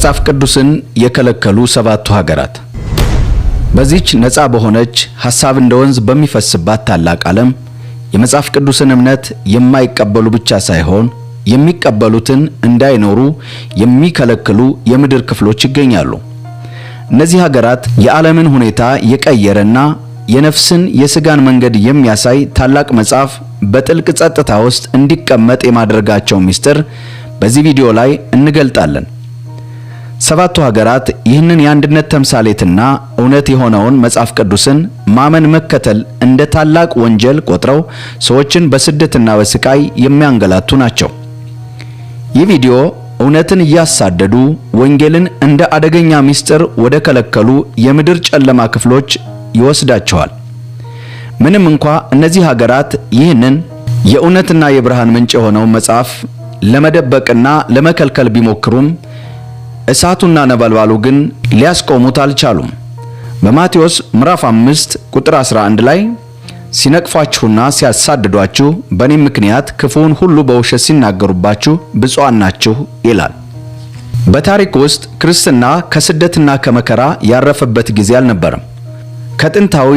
መጽሐፍ ቅዱስን የከለከሉ ሰባቱ ሀገራት። በዚች ነፃ በሆነች ሐሳብ እንደ ወንዝ በሚፈስባት ታላቅ ዓለም የመጽሐፍ ቅዱስን እምነት የማይቀበሉ ብቻ ሳይሆን የሚቀበሉትን እንዳይኖሩ የሚከለክሉ የምድር ክፍሎች ይገኛሉ። እነዚህ ሀገራት የዓለምን ሁኔታ የቀየረና የነፍስን የስጋን መንገድ የሚያሳይ ታላቅ መጽሐፍ በጥልቅ ጸጥታ ውስጥ እንዲቀመጥ የማድረጋቸው ምስጢር በዚህ ቪዲዮ ላይ እንገልጣለን። ሰባቱ ሀገራት ይህንን የአንድነት ተምሳሌትና እውነት የሆነውን መጽሐፍ ቅዱስን ማመን መከተል እንደ ታላቅ ወንጀል ቆጥረው ሰዎችን በስደትና በስቃይ የሚያንገላቱ ናቸው። ይህ ቪዲዮ እውነትን እያሳደዱ ወንጌልን እንደ አደገኛ ምስጢር ወደ ከለከሉ የምድር ጨለማ ክፍሎች ይወስዳቸዋል። ምንም እንኳ እነዚህ ሀገራት ይህንን የእውነትና የብርሃን ምንጭ የሆነውን መጽሐፍ ለመደበቅና ለመከልከል ቢሞክሩም እሳቱና ነበልባሉ ግን ሊያስቆሙት አልቻሉም። በማቴዎስ ምዕራፍ 5 ቁጥር 11 ላይ ሲነቅፏችሁና ሲያሳድዷችሁ በእኔም ምክንያት ክፉውን ሁሉ በውሸት ሲናገሩባችሁ ብፁዓን ናችሁ ይላል። በታሪክ ውስጥ ክርስትና ከስደትና ከመከራ ያረፈበት ጊዜ አልነበረም። ከጥንታዊ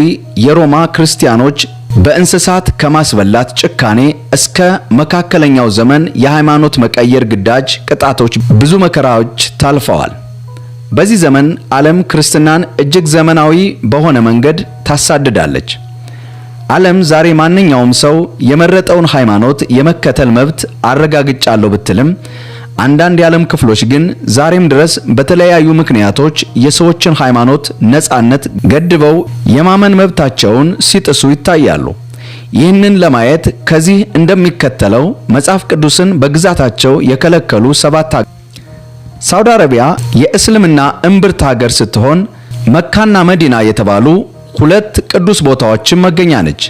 የሮማ ክርስቲያኖች በእንስሳት ከማስበላት ጭካኔ እስከ መካከለኛው ዘመን የሃይማኖት መቀየር ግዳጅ፣ ቅጣቶች፣ ብዙ መከራዎች ታልፈዋል። በዚህ ዘመን ዓለም ክርስትናን እጅግ ዘመናዊ በሆነ መንገድ ታሳድዳለች። ዓለም ዛሬ ማንኛውም ሰው የመረጠውን ሃይማኖት የመከተል መብት አረጋግጫለሁ ብትልም አንዳንድ የዓለም ክፍሎች ግን ዛሬም ድረስ በተለያዩ ምክንያቶች የሰዎችን ሃይማኖት ነጻነት ገድበው የማመን መብታቸውን ሲጥሱ ይታያሉ። ይህንን ለማየት ከዚህ እንደሚከተለው መጽሐፍ ቅዱስን በግዛታቸው የከለከሉ ሰባት ሳውዲ አረቢያ የእስልምና እምብርት ሀገር ስትሆን መካና መዲና የተባሉ ሁለት ቅዱስ ቦታዎችን መገኛ ነች።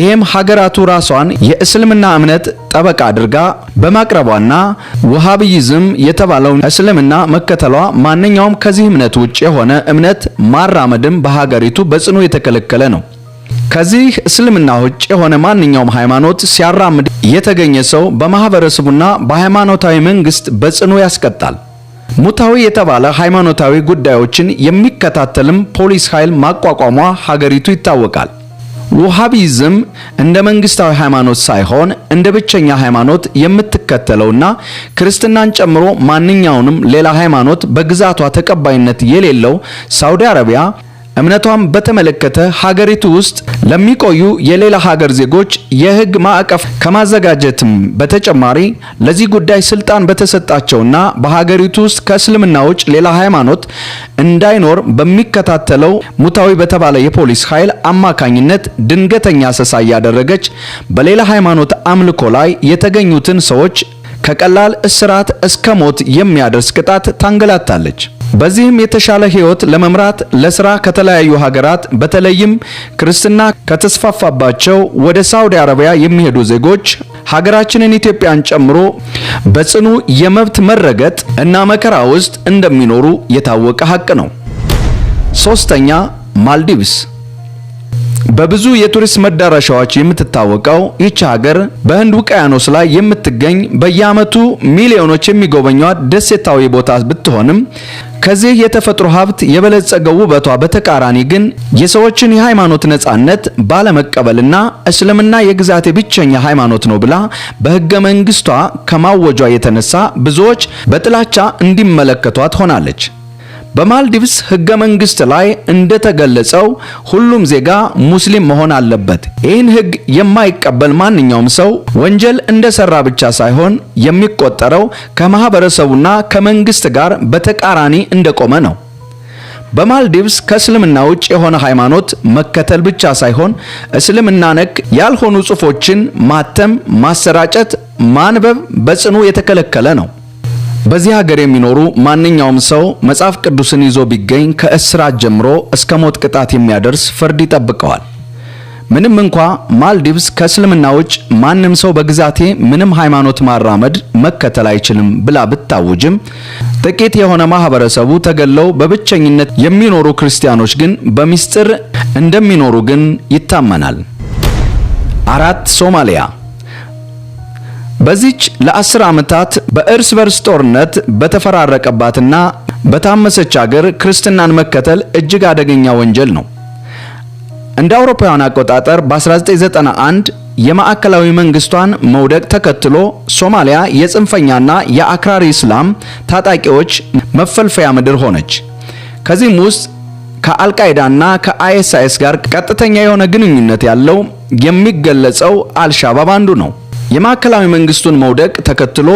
ይህም ሀገራቱ ራሷን የእስልምና እምነት ጠበቃ አድርጋ በማቅረቧና ውሃብይዝም የተባለው እስልምና መከተሏ ማንኛውም ከዚህ እምነት ውጭ የሆነ እምነት ማራመድም በሀገሪቱ በጽኑ የተከለከለ ነው። ከዚህ እስልምና ውጭ የሆነ ማንኛውም ሃይማኖት ሲያራምድ የተገኘ ሰው በማህበረሰቡና በሃይማኖታዊ መንግስት በጽኑ ያስቀጣል። ሙታዊ የተባለ ሃይማኖታዊ ጉዳዮችን የሚከታተልም ፖሊስ ኃይል ማቋቋሟ ሀገሪቱ ይታወቃል። ውሃቢዝም እንደ መንግስታዊ ሃይማኖት ሳይሆን እንደ ብቸኛ ሃይማኖት የምትከተለውና ክርስትናን ጨምሮ ማንኛውንም ሌላ ሃይማኖት በግዛቷ ተቀባይነት የሌለው ሳውዲ አረቢያ እምነቷን በተመለከተ ሀገሪቱ ውስጥ ለሚቆዩ የሌላ ሀገር ዜጎች የህግ ማዕቀፍ ከማዘጋጀትም በተጨማሪ ለዚህ ጉዳይ ስልጣን በተሰጣቸውና በሀገሪቱ ውስጥ ከእስልምና ውጭ ሌላ ሃይማኖት እንዳይኖር በሚከታተለው ሙታዊ በተባለ የፖሊስ ኃይል አማካኝነት ድንገተኛ አሰሳ እያደረገች በሌላ ሃይማኖት አምልኮ ላይ የተገኙትን ሰዎች ከቀላል እስራት እስከ ሞት የሚያደርስ ቅጣት ታንገላታለች። በዚህም የተሻለ ህይወት ለመምራት ለስራ ከተለያዩ ሀገራት በተለይም ክርስትና ከተስፋፋባቸው ወደ ሳውዲ አረቢያ የሚሄዱ ዜጎች ሀገራችንን ኢትዮጵያን ጨምሮ በጽኑ የመብት መረገጥ እና መከራ ውስጥ እንደሚኖሩ የታወቀ ሀቅ ነው። ሶስተኛ ማልዲቭስ በብዙ የቱሪስት መዳረሻዎች የምትታወቀው ይቺ ሀገር በህንድ ውቅያኖስ ላይ የምትገኝ በየአመቱ ሚሊዮኖች የሚጎበኟት ደሴታዊ ቦታ ብትሆንም ከዚህ የተፈጥሮ ሀብት የበለጸገው ውበቷ በተቃራኒ ግን የሰዎችን የሃይማኖት ነጻነት ባለመቀበልና እስልምና የግዛቴ ብቸኛ ሃይማኖት ነው ብላ በህገ መንግስቷ ከማወጇ የተነሳ ብዙዎች በጥላቻ እንዲመለከቷት ሆናለች። በማልዲቭስ ህገ መንግስት ላይ እንደተገለጸው ሁሉም ዜጋ ሙስሊም መሆን አለበት። ይህን ህግ የማይቀበል ማንኛውም ሰው ወንጀል እንደሰራ ብቻ ሳይሆን የሚቆጠረው ከማህበረሰቡና ከመንግስት ጋር በተቃራኒ እንደቆመ ነው። በማልዲቭስ ከእስልምና ውጭ የሆነ ሃይማኖት መከተል ብቻ ሳይሆን እስልምና ነክ ያልሆኑ ጽሑፎችን ማተም፣ ማሰራጨት፣ ማንበብ በጽኑ የተከለከለ ነው። በዚህ ሀገር የሚኖሩ ማንኛውም ሰው መጽሐፍ ቅዱስን ይዞ ቢገኝ ከእስራት ጀምሮ እስከ ሞት ቅጣት የሚያደርስ ፍርድ ይጠብቀዋል። ምንም እንኳ ማልዲቭስ ከእስልምና ውጭ ማንም ሰው በግዛቴ ምንም ሃይማኖት ማራመድ መከተል አይችልም ብላ ብታውጅም ጥቂት የሆነ ማህበረሰቡ ተገለው በብቸኝነት የሚኖሩ ክርስቲያኖች ግን በሚስጥር እንደሚኖሩ ግን ይታመናል። አራት ሶማሊያ በዚች ለአስር ዓመታት በእርስ በርስ ጦርነት በተፈራረቀባትና በታመሰች አገር ክርስትናን መከተል እጅግ አደገኛ ወንጀል ነው። እንደ አውሮፓውያን አቆጣጠር በ1991 የማዕከላዊ መንግስቷን መውደቅ ተከትሎ ሶማሊያ የጽንፈኛና የአክራሪ እስላም ታጣቂዎች መፈልፈያ ምድር ሆነች። ከዚህም ውስጥ ከአልቃይዳና ከአይኤስአይኤስ ጋር ቀጥተኛ የሆነ ግንኙነት ያለው የሚገለጸው አልሻባብ አንዱ ነው። የማዕከላዊ መንግስቱን መውደቅ ተከትሎ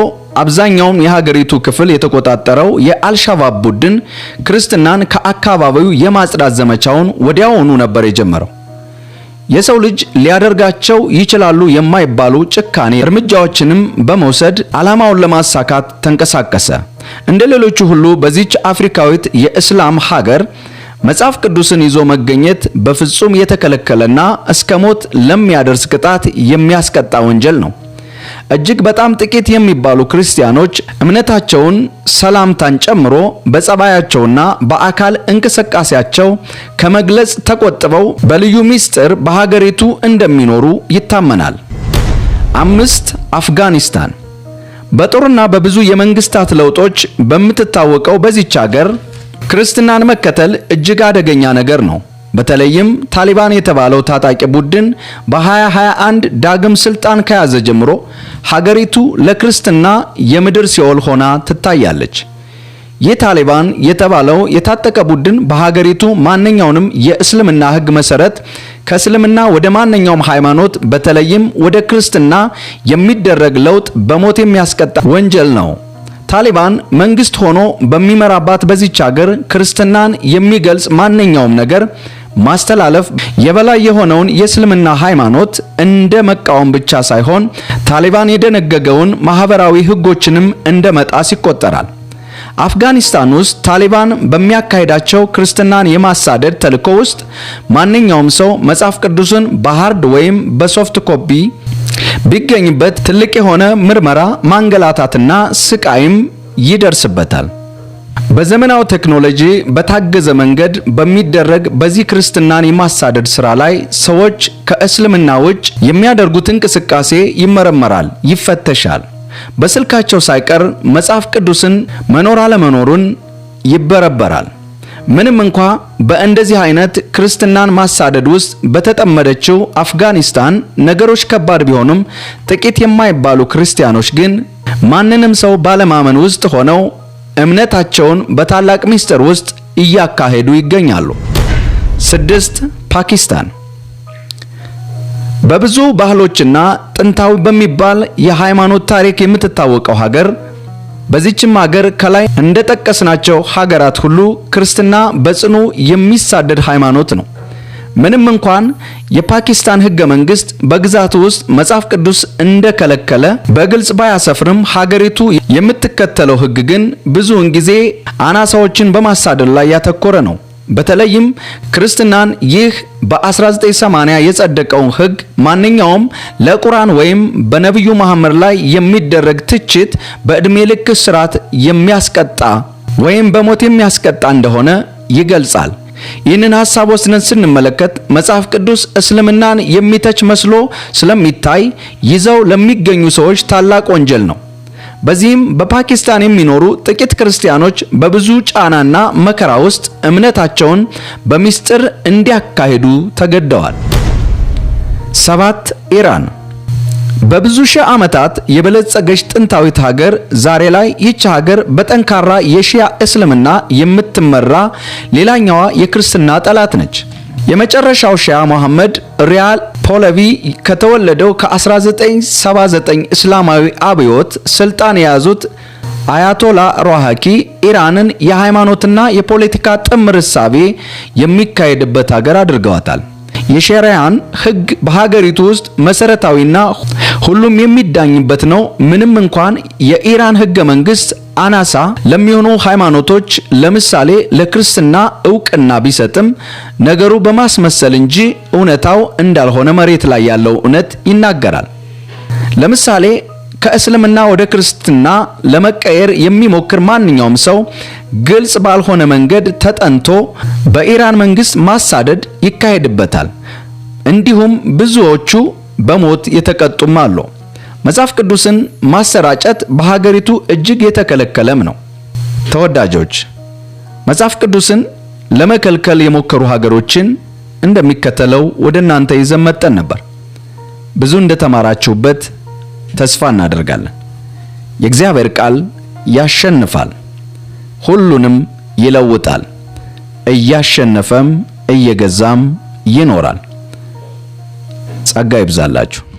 አብዛኛውን የሀገሪቱ ክፍል የተቆጣጠረው የአልሻባብ ቡድን ክርስትናን ከአካባቢው የማጽዳት ዘመቻውን ወዲያውኑ ነበር የጀመረው። የሰው ልጅ ሊያደርጋቸው ይችላሉ የማይባሉ ጭካኔ እርምጃዎችንም በመውሰድ ዓላማውን ለማሳካት ተንቀሳቀሰ። እንደ ሌሎቹ ሁሉ በዚች አፍሪካዊት የእስላም ሀገር መጽሐፍ ቅዱስን ይዞ መገኘት በፍጹም የተከለከለና እስከ ሞት ለሚያደርስ ቅጣት የሚያስቀጣ ወንጀል ነው። እጅግ በጣም ጥቂት የሚባሉ ክርስቲያኖች እምነታቸውን ሰላምታን ጨምሮ በጸባያቸውና በአካል እንቅስቃሴያቸው ከመግለጽ ተቆጥበው በልዩ ምስጢር በሀገሪቱ እንደሚኖሩ ይታመናል። አምስት አፍጋኒስታን በጦርና በብዙ የመንግስታት ለውጦች በምትታወቀው በዚች ሀገር ክርስትናን መከተል እጅግ አደገኛ ነገር ነው። በተለይም ታሊባን የተባለው ታጣቂ ቡድን በ2021 ዳግም ስልጣን ከያዘ ጀምሮ ሀገሪቱ ለክርስትና የምድር ሲኦል ሆና ትታያለች። ይህ ታሊባን የተባለው የታጠቀ ቡድን በሀገሪቱ ማንኛውንም የእስልምና ሕግ መሰረት ከእስልምና ወደ ማንኛውም ሃይማኖት በተለይም ወደ ክርስትና የሚደረግ ለውጥ በሞት የሚያስቀጣ ወንጀል ነው። ታሊባን መንግስት ሆኖ በሚመራባት በዚች ሀገር ክርስትናን የሚገልጽ ማንኛውም ነገር ማስተላለፍ የበላይ የሆነውን የእስልምና ሃይማኖት እንደ መቃወም ብቻ ሳይሆን ታሊባን የደነገገውን ማህበራዊ ህጎችንም እንደ መጣስ ይቆጠራል። አፍጋኒስታን ውስጥ ታሊባን በሚያካሂዳቸው ክርስትናን የማሳደድ ተልዕኮ ውስጥ ማንኛውም ሰው መጽሐፍ ቅዱስን በሃርድ ወይም በሶፍት ኮፒ ቢገኝበት ትልቅ የሆነ ምርመራ ማንገላታትና ስቃይም ይደርስበታል። በዘመናዊ ቴክኖሎጂ በታገዘ መንገድ በሚደረግ በዚህ ክርስትናን የማሳደድ ስራ ላይ ሰዎች ከእስልምና ውጭ የሚያደርጉት እንቅስቃሴ ይመረመራል፣ ይፈተሻል። በስልካቸው ሳይቀር መጽሐፍ ቅዱስን መኖር አለመኖሩን ይበረበራል። ምንም እንኳ በእንደዚህ አይነት ክርስትናን ማሳደድ ውስጥ በተጠመደችው አፍጋኒስታን ነገሮች ከባድ ቢሆኑም ጥቂት የማይባሉ ክርስቲያኖች ግን ማንንም ሰው ባለማመን ውስጥ ሆነው እምነታቸውን በታላቅ ምስጢር ውስጥ እያካሄዱ ይገኛሉ። ስድስት ፓኪስታን በብዙ ባህሎችና ጥንታዊ በሚባል የሃይማኖት ታሪክ የምትታወቀው ሀገር በዚችም ሀገር ከላይ እንደጠቀስናቸው ሀገራት ሁሉ ክርስትና በጽኑ የሚሳደድ ሃይማኖት ነው። ምንም እንኳን የፓኪስታን ህገ መንግስት በግዛቱ ውስጥ መጽሐፍ ቅዱስ እንደከለከለ በግልጽ ባያሰፍርም ሀገሪቱ የምትከተለው ህግ ግን ብዙውን ጊዜ አናሳዎችን በማሳደድ ላይ ያተኮረ ነው። በተለይም ክርስትናን ይህ በ1980 የጸደቀው ህግ ማንኛውም ለቁርአን ወይም በነቢዩ መሐመድ ላይ የሚደረግ ትችት በዕድሜ ልክ ስርዓት የሚያስቀጣ ወይም በሞት የሚያስቀጣ እንደሆነ ይገልጻል። ይህንን ሐሳብ ወስነን ስንመለከት መጽሐፍ ቅዱስ እስልምናን የሚተች መስሎ ስለሚታይ ይዘው ለሚገኙ ሰዎች ታላቅ ወንጀል ነው። በዚህም በፓኪስታን የሚኖሩ ጥቂት ክርስቲያኖች በብዙ ጫናና መከራ ውስጥ እምነታቸውን በሚስጥር እንዲያካሂዱ ተገደዋል። ሰባት ኢራን በብዙ ሺህ ዓመታት የበለጸገች ጥንታዊት ሀገር ዛሬ ላይ ይህች ሀገር በጠንካራ የሺያ እስልምና የምትመራ ሌላኛዋ የክርስትና ጠላት ነች። የመጨረሻው ሺያ መሐመድ ሪያል ፖለቪ ከተወለደው ከ1979 እስላማዊ አብዮት ስልጣን የያዙት አያቶላ ሮሃኪ ኢራንን የሃይማኖትና የፖለቲካ ጥምር እሳቤ የሚካሄድበት ሀገር አድርገዋታል። የሸሪያን ሕግ በሀገሪቱ ውስጥ መሰረታዊና ሁሉም የሚዳኝበት ነው። ምንም እንኳን የኢራን ህገ መንግስት አናሳ ለሚሆኑ ሃይማኖቶች ለምሳሌ ለክርስትና እውቅና ቢሰጥም ነገሩ በማስመሰል እንጂ እውነታው እንዳልሆነ መሬት ላይ ያለው እውነት ይናገራል። ለምሳሌ ከእስልምና ወደ ክርስትና ለመቀየር የሚሞክር ማንኛውም ሰው ግልጽ ባልሆነ መንገድ ተጠንቶ በኢራን መንግስት ማሳደድ ይካሄድበታል። እንዲሁም ብዙዎቹ በሞት የተቀጡም አሉ። መጽሐፍ ቅዱስን ማሰራጨት በሀገሪቱ እጅግ የተከለከለም ነው። ተወዳጆች መጽሐፍ ቅዱስን ለመከልከል የሞከሩ ሀገሮችን እንደሚከተለው ወደ እናንተ ይዘን መጠን ነበር። ብዙ እንደተማራችሁበት ተስፋ እናደርጋለን። የእግዚአብሔር ቃል ያሸንፋል፣ ሁሉንም ይለውጣል፣ እያሸነፈም እየገዛም ይኖራል። ጸጋ ይብዛላችሁ።